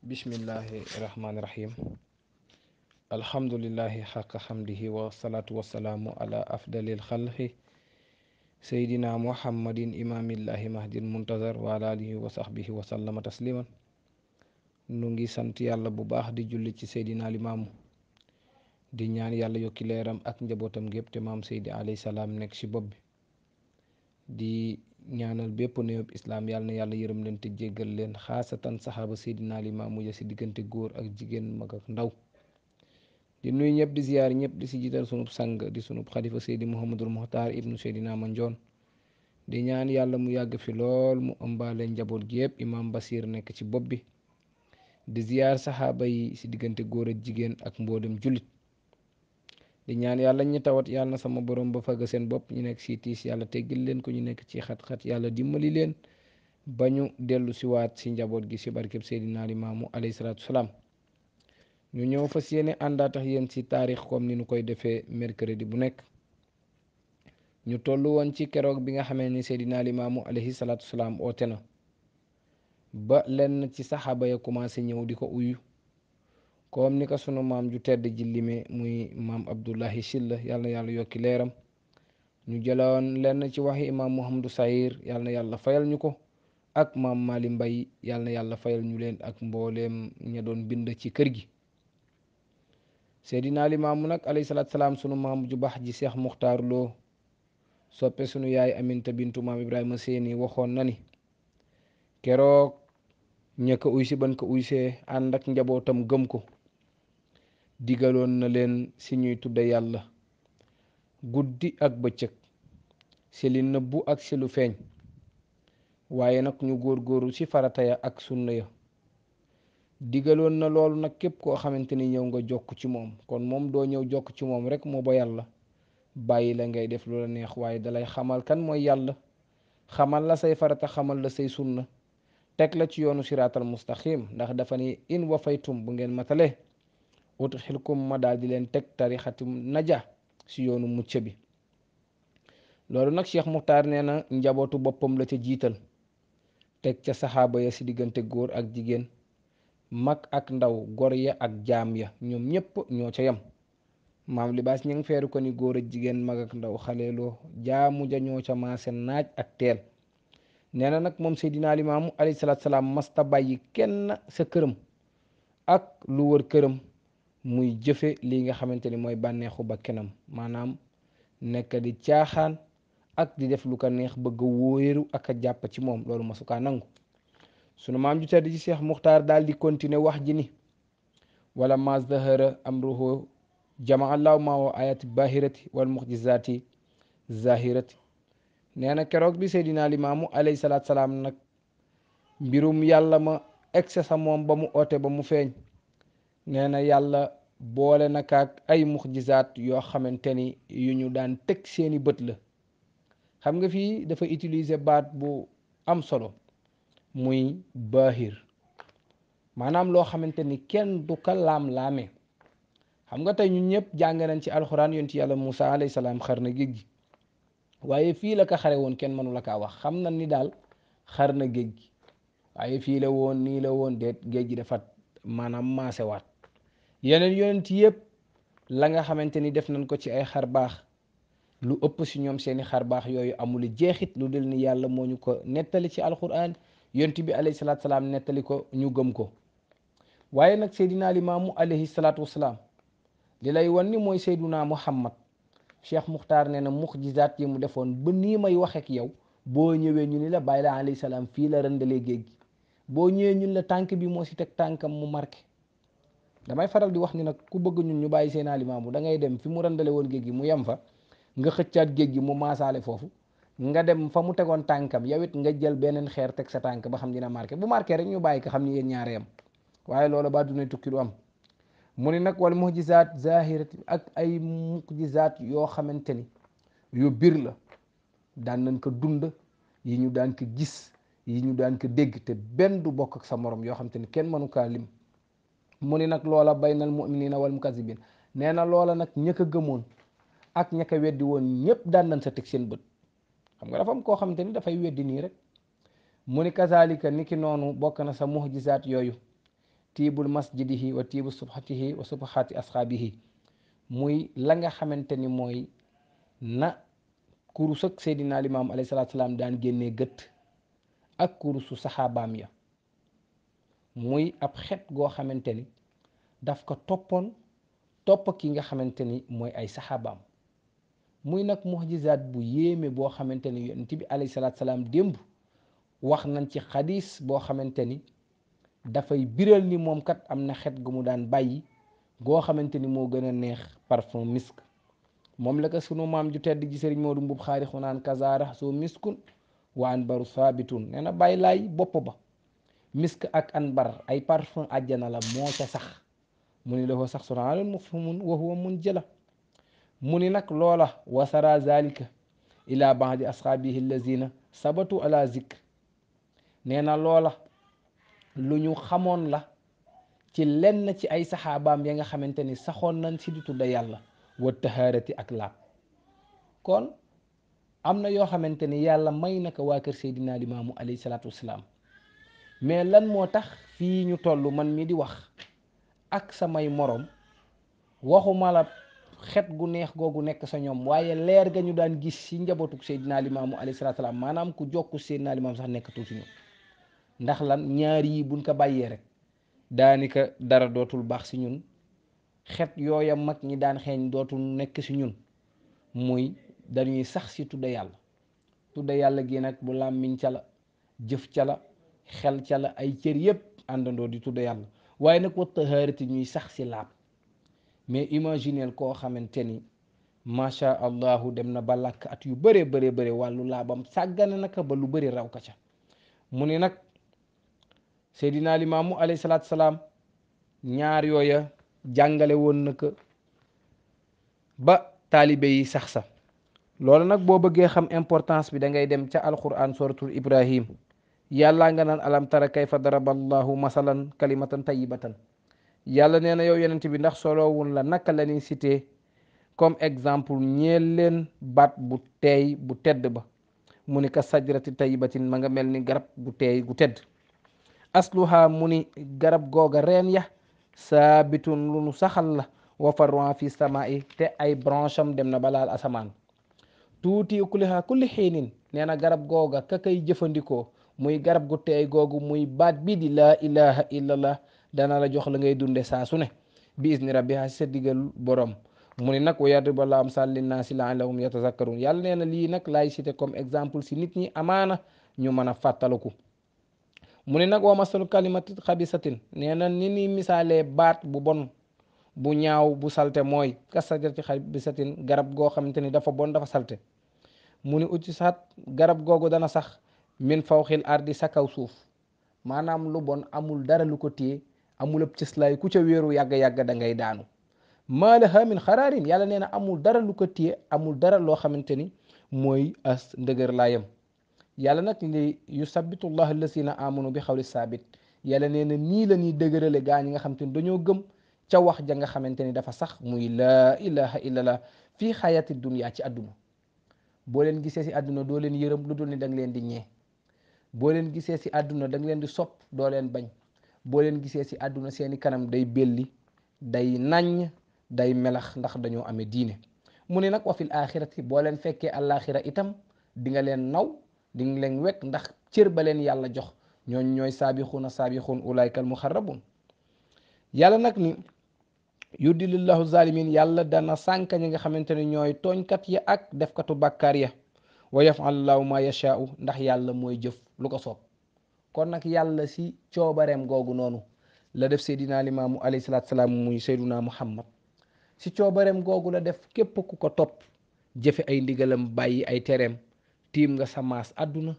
bismillahi rahmaani rahim alhamdulilahi xaqa xamdihi wasalaatu wasalaamu ala afdalil xalqi seydina muhammadin imaamillahi mahdil muntazar wa ala alihi wa sahbihi wa sallama tasliman ngi sant yàlla bu baax di julli ci seydina limaamu di ñaan yàlla yokki leeram ak njabootam gépp te maam seydi alayhi nekk ci bopp bi di ñaanal bépp néewub islaam yàlla na yàlla yërëm leen te jéggal leen xaasatan saxaaba seydina limaam mujj si diggante góor ak jigéen mag ak ndaw di nuyu ñëpp di ziyaar ñëpp di si jiital sunub sang di sunub xalifa seydi muhammadul muxtaar ibnu ma manjoon di ñaan yàlla mu yàgg fi lool mu ëmbaale njaboot gi yëpp imaam basir nekk ci bopp bi di ziyaar saxaaba si diggante góor ak jigéen ak mboolem julit di ñaan yàlla ñu tawat yàlla na sama borom ba faga seen bopp ñu nekk si tiis yàlla teggil leen ko ñu nekk ci xat-xat yàlla dimbali leen ba ñu dellu si waat si njaboot gi si barkeb Seydina Limaamu alayhi salaatu salaam ñu ñëw fas yéene àndaa yéen si taarix comme ni ñu koy defee mercredi bu nekk ñu toll woon ci keroog bi nga xamee ni Seydina Limaamu alayhi salaatu salaam woote na ba lenn ci saxaaba ya commencé ñëw di ko uyu comme ni ko sunu maam ju tedd ji lime muy maam Abdullahi Sylla yàlla na yàlla yokki leeram ñu jëloon lenn ci waxi imaam Mouhamadou Sayir yàlla na yàlla fayal ñu ko ak maam Mali Mbay yàlla na yàlla fayal ñu leen ak mbooleem ña doon bind ci kër gi seydinaa limaamu nag alay salaatu salaam sunu maam ju baax ji seex muxtaar loo soppe sunu yaay aminta bintu maam ibrahima seeni waxoon na ni keroog ña ko uysi ban ko uysee ànd ak njabootam gëm ko digaloon na leen si ñuy tudde yàlla guddi ak bëccëg si li nëbbu ak si lu feeñ waaye nag ñu góor góoru ci farata ya ak sunna ya digaloon na loolu nag képp koo xamante ni ñëw nga jokk ci moom kon moom doo ñëw jokk ci moom rek moo ba yàlla bàyyi la ngay def loola neex waaye dalay xamal kan mooy yàlla xamal la say farata xamal la say sunna teg la ci yoonu siraatal mustaqim ndax dafa ni in wafaytum bu ngeen matale wot xilkum ma daal di leen teg tarixati naja si yoonu mucc bi loolu nag Cheikh Muxtaar nee na njabootu boppam la ca jiital teg ca saxaaba ya si diggante góor ak jigéen mag ak ndaw gor ya ak jaam ya ñoom ñépp ñoo ca yem maam libaas ñi ngi feeru ko góor ak jigéen mag ak ndaw xaleeloo jaamu ja ñoo ca maase naaj ak teel nee na nag moom seydinaa limaamu alayhi salaatu salaam masta bàyyi kenn sa këram ak lu wër këram muy jëfe lii nga xamante ni mooy bànneexu ba kenam maanaam nekk di caaxaan ak di def lu ko neex bëgg a wóoru ak a jàpp ci moom loolu masukaa nangu sunu maam ju tedd ji seex Muxtaar daal di continuer wax ji ni wala mas dahara amruhu jamaa allahu ma wa ayati bahirati wal muxjizati zahirati nee na keroog bi seydina limaamu alayhi salaam nag mbirum yàlla ma egce sa moom ba mu oote ba mu feeñ nee na yàlla boole naka ak ay muxjisaat yoo xamante ni yu ñu daan teg seeni bët la xam nga fii dafa utilise baat bu am solo muy baahir maanaam loo xamante ni kenn du ka laam-laame xam nga tey ñun ñëpp jàng nañ ci alxuraan ci yàlla Moussa alayhi salaam xar na géej gi waaye fii la ka xare woon kenn mënu la kaa wax xam na ni daal xar na géej gi waaye fii la woon nii la woon déet géej gi dafa maanaam maasewaat yeneen yonent yëpp la nga xamante ni def nañ ko ci ay xar baax lu ëpp si ñoom seeni xar baax yooyu amul jeexit lu dul ni yàlla moo ñu ko nettali ci alquran yonent bi alayhi salaatu salaam nettali ko ñu gëm ko waaye nag seydina limaamu alayhi salaatu wasalaam li lay wan ni mooy seyduna muhammad cheikh muxtaar nee na muxjizaat yi mu defoon ba nii may waxeek ak yow boo ñëwee ñu ni la bàyyi la alayhi salaam fii la rëndalee géej gi boo ñëwee ñun la tànk bi moo ci teg tànkam mu marqué damay faral di wax ni nag ku bëgg ñun ñu bàyyi Seydina Limaamu da ngay dem fi mu randale woon géej gi mu yem fa nga xëccaat géej gi mu maasaale foofu nga dem fa mu tegoon tànkam yow nga jël beneen xeer teg sa tànk ba xam dina marqué bu marqué rek ñu bàyyi ko xam ni yéen ñaare yam waaye loolu ba duna tukki du am mu ni nag wal mujizaat zahirati ak ay mujizaat yoo xamante ni yu biir la daan nañ ko dund yi ñu daan ko gis yi ñu daan ko dégg te benn du bokk ak sa morom yoo xamante ni kenn mënu kaa lim mu ni nag loola bay baynal na wal mukazibin nee na loola nag ñëkk gëmoon ak ñëkk a weddi woon ñëpp daan nañ sa teg seen bët xam nga dafa am koo xamante ni dafay weddi nii rek mu ni kazalika ni ki noonu bokk na sa muhjisaat yooyu tiibul masjidihi wa tiibu subhatihi wa subhati asxaabihi muy la nga xamante ni mooy na kurus ak seydina limaam alayhi salaatu salaam daan génnee gët ak kurusu saxaabaam ya muy ab xet goo xamante ni daf ko toppoon topp ki nga xamante ni mooy ay saxaabaam muy nag mujizaat bu yéeme boo xamante ni yonent bi alayhi salaam démb wax nañ ci xadis boo xamante ni dafay biral ni moom kat am na xet gu mu daan bàyyi goo xamante ni moo gën a neex parfum misk moom la sunu maam ju tedd ji sëriñ Moodu Mbub xaari xunaan kazaara soo miskun wa an baru saabitun nee na bàyyi lay bopp ba misk ak anbar ay parfum àjjana la moo ca sax mu ni lahu sax suraanun mufhumun wa huwa mun jëla mu ni nag loola wa sara zalika ila baadi asxaabihi allazina sabatu ala nee na loola lu ñu xamoon la ci lenn ci ay saxaabaam ya nga xamante ni saxoon nañ si di tudda yàlla wa tahaarati ak laab kon am na yoo xamante ni yàlla may naka waa kër Seydina Limaamu alayhi salaatu wasalaam mais lan moo tax fii ñu toll man mi di wax ak samay moroom waxuma la xet gu neex googu nekk sa ñoom waaye leer ga ñu daan gis ci njabootuk Seydina Limaamu alayhi salaatu salaam maanaam ku jokku Seydina Limaam sax nekkatul ci ñoom ndax lan ñaar yi buñ ko bàyyee rek daanika dara dootul baax si ñun xet yooya mag ñi daan xeeñ dootul nekk si ñun muy dañuy sax si tudda yàlla tudda yàlla gi nag bu làmmiñ ca jëf ca xel cala ay cër yépp àndandoo di tudd yàlla waaye nag wat tahaarati ñuy sax si laab mais imagineel koo xamante ni macha allahu dem na ba làkk at yu bëree bëree bëri wàllu laabam sàggane nag ba lu bëri raw ka ca mu ni nag seydina limaamu alayhi salaatu salaam ñaar yooya jàngale woon na ba taalibe yi sax sa loolu nag boo bëggee xam importance bi da ngay dem ca alquran suratul ibrahim yàllaa nga naan alam tara kayfa daraba allahu masalan kalimatan tayyibatan yàlla nee na yow yonent bi ndax solowun la naka la ñuy cité comme exemple ñeel leen baat bu teey bu tedd ba mu ni ka sajrati tayyibatin ma nga mel ni garab bu teey bu tedd asluha mu ni garab googa reen ya saabitun lu nu saxal la wa farwa fi samaa'i te ay branche dem na balaal asamaan tuuti ukuliha kulli xiinin nee garab googa ka kay jëfandikoo muy garab gu teey googu muy baat bi di laa ilaha illallah dana la jox la ngay dunde saa su ne bi izni rabbiha si sa digal borom mu ne nag wa yadribu llaahu amsaal linnaasi laallahum yatazakkaruun yàlla nee na lii nag laay cité comme exemple si nit ñi amaana ñu mën a fàttaliku mu ne nag wa masalu kalimati xabisatin nee na ni ni misaalee baat bu bon bu ñaaw bu salte mooy kasajarati xabisatin garab goo xamante ni dafa bon dafa salte mu ne ucci saat garab googu dana sax min faw fawqil ardi sa kaw suuf maanaam lu bon amul dara lu ko téye amul ab cëslaay ku ca wéeru yàgg-yàgg da ngay daanu maalaha min xaraarin yàlla nee na amul dara lu ko téye amul dara loo xamante ni mooy as ndëgër laayam yàlla nag li yusabitu llahu allazina amanu bi xawli saabit yàlla nee na nii la ñuy dëgërale gaa ñi nga xam ni dañoo gëm ca wax ja nga xamante ni dafa sax muy laa ilaha illallah fii xayati dunia ci àdduna boo leen gisee si àdduna doo leen yërëm lu dul ni da leen di ñee boo leen gisee si àdduna da leen di sopp doo leen bañ boo leen gisee si àdduna seeni kanam day belli day naññ day melax ndax dañoo amee diine mu ne nag wa fil axirati boo leen fekkee àllaaxira itam di nga leen naw di leen wekk ndax cër ba leen yàlla jox ñooñ ñooy saabixuuna saabixuun ulaayka al muxarrabuun yàlla nag ni yuddilillahu zalimin yàlla dana sànk ñi nga xamante ne ñooy tooñkat ya ak defkatu bakkaar ya wa yafal ma yashaau ndax yàlla mooy jëf lu ko soob kon nag yàlla si coobareem googu noonu la def seydina limaamu alayhi salaatu salaam muy seyduna muhammad si coobareem googu la def képp ku ko topp jëfe ay ndigalam bàyyi ay tereem tiim nga sa maas àdduna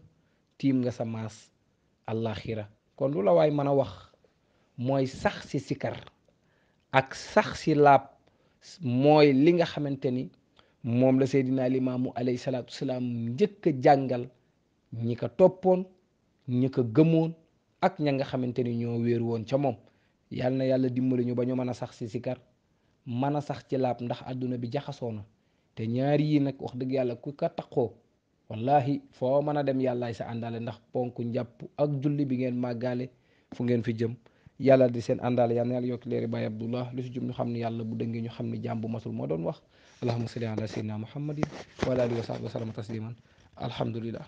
tiim nga sa maas àllaaxira kon lu la waay mën a wax mooy sax si sikar ak sax si laab mooy li nga xamante ni moom la Seydina Limaamu alayhi salaatu salaam njëkk a jàngal ñi ko toppoon ñi ko gëmoon ak ña nga xamante ni ñoo wéeru woon ca moom yal na yàlla dimbali ñu ba ñu mën a sax si sikar mën a sax ci laab ndax àdduna bi jaxasoo na te ñaari yi nag wax dëgg yàlla ku ko taqoo wallahi foo man a dem yàllaay sa àndaale ndax ponk njàpp ak julli bi ngeen màggaale fu ngeen fi jëm yàlla di seen àndaale yal na yàlla yokk leeri Baay Abdullah lu si jub ñu xam ne yàlla bu dëngee ñu xam ne jàmm bu moo doon wax allahuma salli ala sayyidina muhammadin wa ala alihi wa sahbihi wa sallama tasliman alhamdulillah